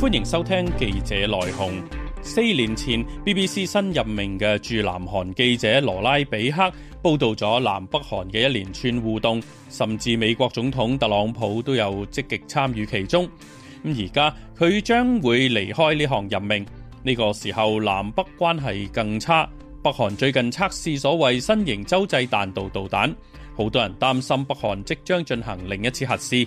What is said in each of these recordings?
歡迎收聽記者來鴻。四年前，BBC 新任命嘅駐南韓記者羅拉比克報道咗南北韓嘅一連串互動，甚至美國總統特朗普都有積極參與其中。咁而家佢將會離開呢項任命。呢個時候南北關係更差，北韓最近測試所謂新型洲際彈道導彈，好多人擔心北韓即將進行另一次核試。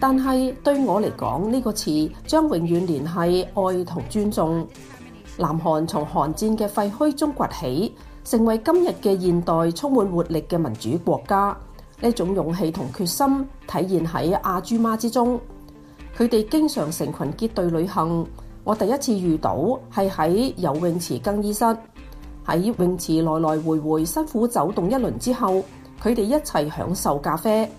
但係對我嚟講，呢、這個詞將永遠聯繫愛同尊重。南韓從韓戰嘅廢墟中崛起，成為今日嘅現代充滿活力嘅民主國家。呢種勇氣同決心體現喺阿珠媽之中。佢哋經常成群結隊旅行。我第一次遇到係喺游泳池更衣室，喺泳池來來回回辛苦走動一輪之後，佢哋一齊享受咖啡。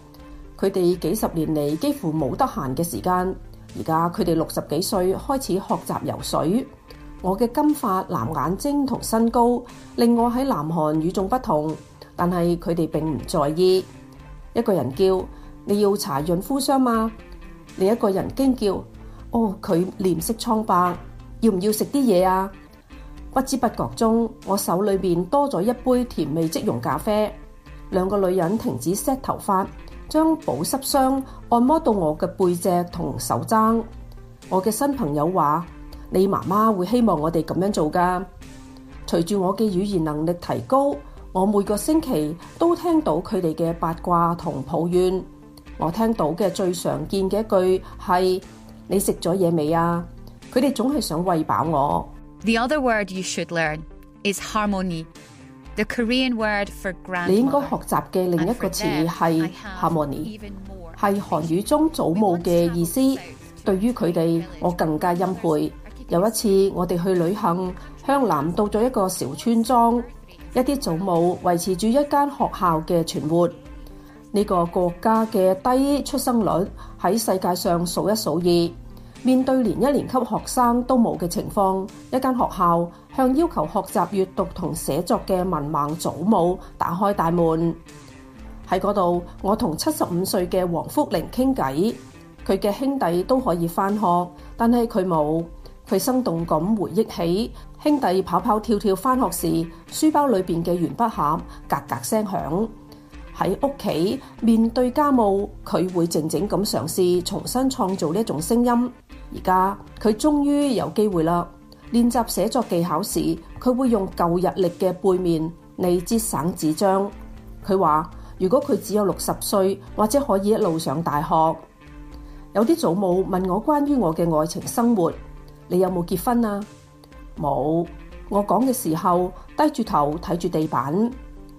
佢哋幾十年嚟幾乎冇得閒嘅時間，而家佢哋六十幾歲開始學習游水。我嘅金髮、藍眼睛同身高令我喺南韓與眾不同，但係佢哋並唔在意。一個人叫你要搽潤膚霜嘛，另一個人驚叫：哦，佢臉色蒼白，要唔要食啲嘢啊？不知不覺中，我手裏面多咗一杯甜味即溶咖啡。兩個女人停止 set 頭髮。將保濕霜按摩到我嘅背脊同手踭。我嘅新朋友話：「你媽媽會希望我哋咁樣做㗎。隨住我嘅語言能力提高，我每個星期都聽到佢哋嘅八卦同抱怨。我聽到嘅最常見嘅一句係：「你食咗嘢未啊？佢哋總係想餵飽我。The other word you should learn is harmony. The Korean word for grandma, 你應該學習嘅另一個詞係 halmoni，係韓語中祖母嘅意思。對於佢哋，我更加欽佩。有一次我哋去旅行，向南到咗一個小村莊，一啲祖母維持住一間學校嘅存活。呢、這個國家嘅低出生率喺世界上數一數二。面對連一年級學生都冇嘅情況，一間學校向要求學習閱讀同寫作嘅文盲祖母打開大門。喺嗰度，我同七十五歲嘅黃福玲傾偈，佢嘅兄弟都可以返學，但係佢冇。佢生動咁回憶起兄弟跑跑跳跳返學時，書包裏邊嘅鉛筆盒格格聲響。喺屋企面對家務，佢會靜靜咁嘗試重新創造呢種聲音。而家佢終於有機會啦。練習寫作技巧時，佢會用舊日曆嘅背面嚟節省紙張。佢話：如果佢只有六十歲，或者可以一路上大學。有啲祖母問我關於我嘅愛情生活，你有冇結婚啊？冇。我講嘅時候低住頭睇住地板。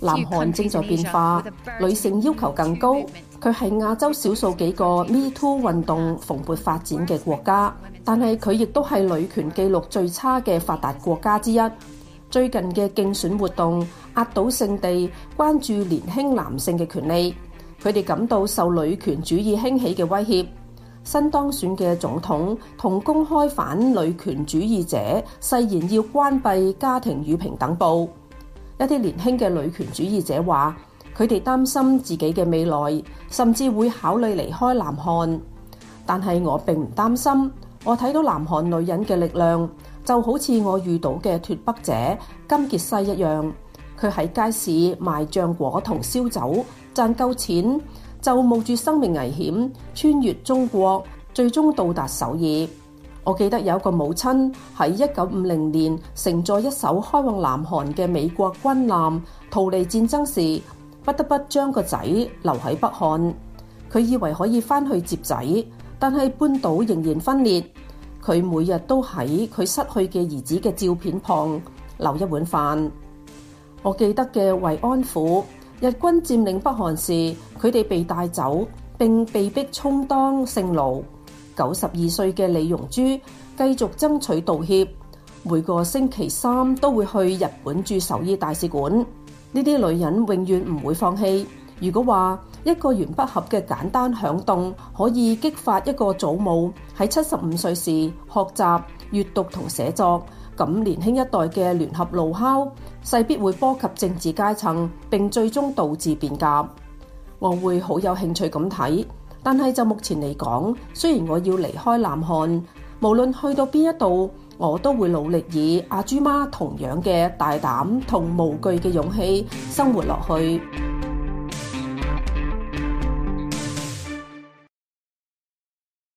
南韓正在變化，女性要求更高。佢係亞洲少數幾個 Me Too 運動蓬勃發展嘅國家，但係佢亦都係女權記錄最差嘅發達國家之一。最近嘅競選活動壓倒性地關注年輕男性嘅權利，佢哋感到受女權主義興起嘅威脅。新當選嘅總統同公開反女權主義者誓言要關閉家庭與平等部。一啲年輕嘅女權主義者話：佢哋擔心自己嘅未來，甚至會考慮離開南韓。但係我並唔擔心，我睇到南韓女人嘅力量，就好似我遇到嘅脫北者金傑西一樣。佢喺街市賣醬果同燒酒，賺夠錢就冒住生命危險穿越中國，最終到達首爾。我記得有個母親喺一九五零年乘坐一艘開往南韓嘅美國軍艦逃離戰爭時，不得不將個仔留喺北韓。佢以為可以返去接仔，但係半島仍然分裂。佢每日都喺佢失去嘅兒子嘅照片旁留一碗飯。我記得嘅慰安婦，日軍佔領北韓時，佢哋被帶走並被逼充當性奴。九十二歲嘅李容珠繼續爭取道歉，每個星期三都會去日本駐首爾大使館。呢啲女人永遠唔會放棄。如果話一個原不合嘅簡單行動可以激發一個祖母喺七十五歲時學習閱讀同寫作，咁年輕一代嘅聯合怒敲勢必會波及政治階層，並最終導致變革。我會好有興趣咁睇。但係就目前嚟講，雖然我要離開南韓，無論去到邊一度，我都會努力以阿珠媽同樣嘅大膽同無懼嘅勇氣生活落去。